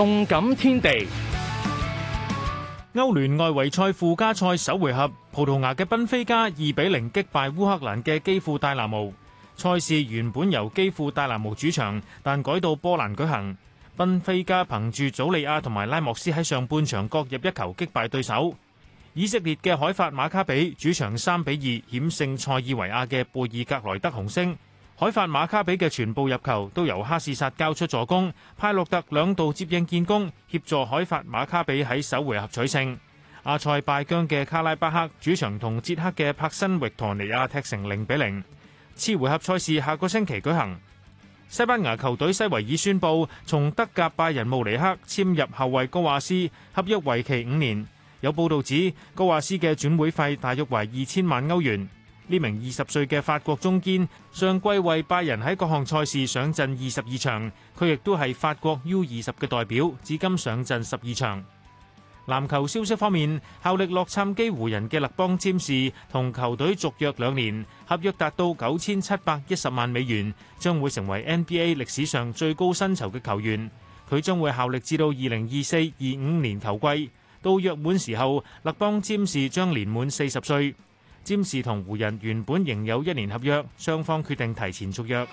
動感天地，歐聯外圍賽附加賽首回合，葡萄牙嘅賓菲加二比零擊敗烏克蘭嘅基輔戴拿模。賽事原本由基輔戴拿模主場，但改到波蘭舉行。賓菲加憑住祖利亞同埋拉莫斯喺上半場各入一球擊敗對手。以色列嘅海法馬卡比主場三比二險勝塞爾維亞嘅貝爾格萊德紅星。海法馬卡比嘅全部入球都由哈薛薩交出助攻，派洛特兩度接應建功，協助海法馬卡比喺首回合取勝。阿塞拜疆嘅卡拉巴克主場同捷克嘅柏辛域陀尼亞踢成零比零。次回合賽事下個星期舉行。西班牙球隊西維爾宣布從德甲拜仁慕尼克簽入後衛高華斯，合約為期五年。有報道指高華斯嘅轉會費大約為二千萬歐元。呢名二十歲嘅法國中堅，上季為拜仁喺各項賽事上陣二十二場，佢亦都係法國 U 二十嘅代表，至今上陣十二場。籃球消息方面，效力洛杉磯湖人嘅勒邦占士同球隊續約兩年，合約達到九千七百一十萬美元，將會成為 NBA 歷史上最高薪酬嘅球員。佢將會效力至到二零二四二五年球季，到約滿時候，勒邦占士將年滿四十歲。占士同湖人原本仍有一年合約，雙方決定提前續約。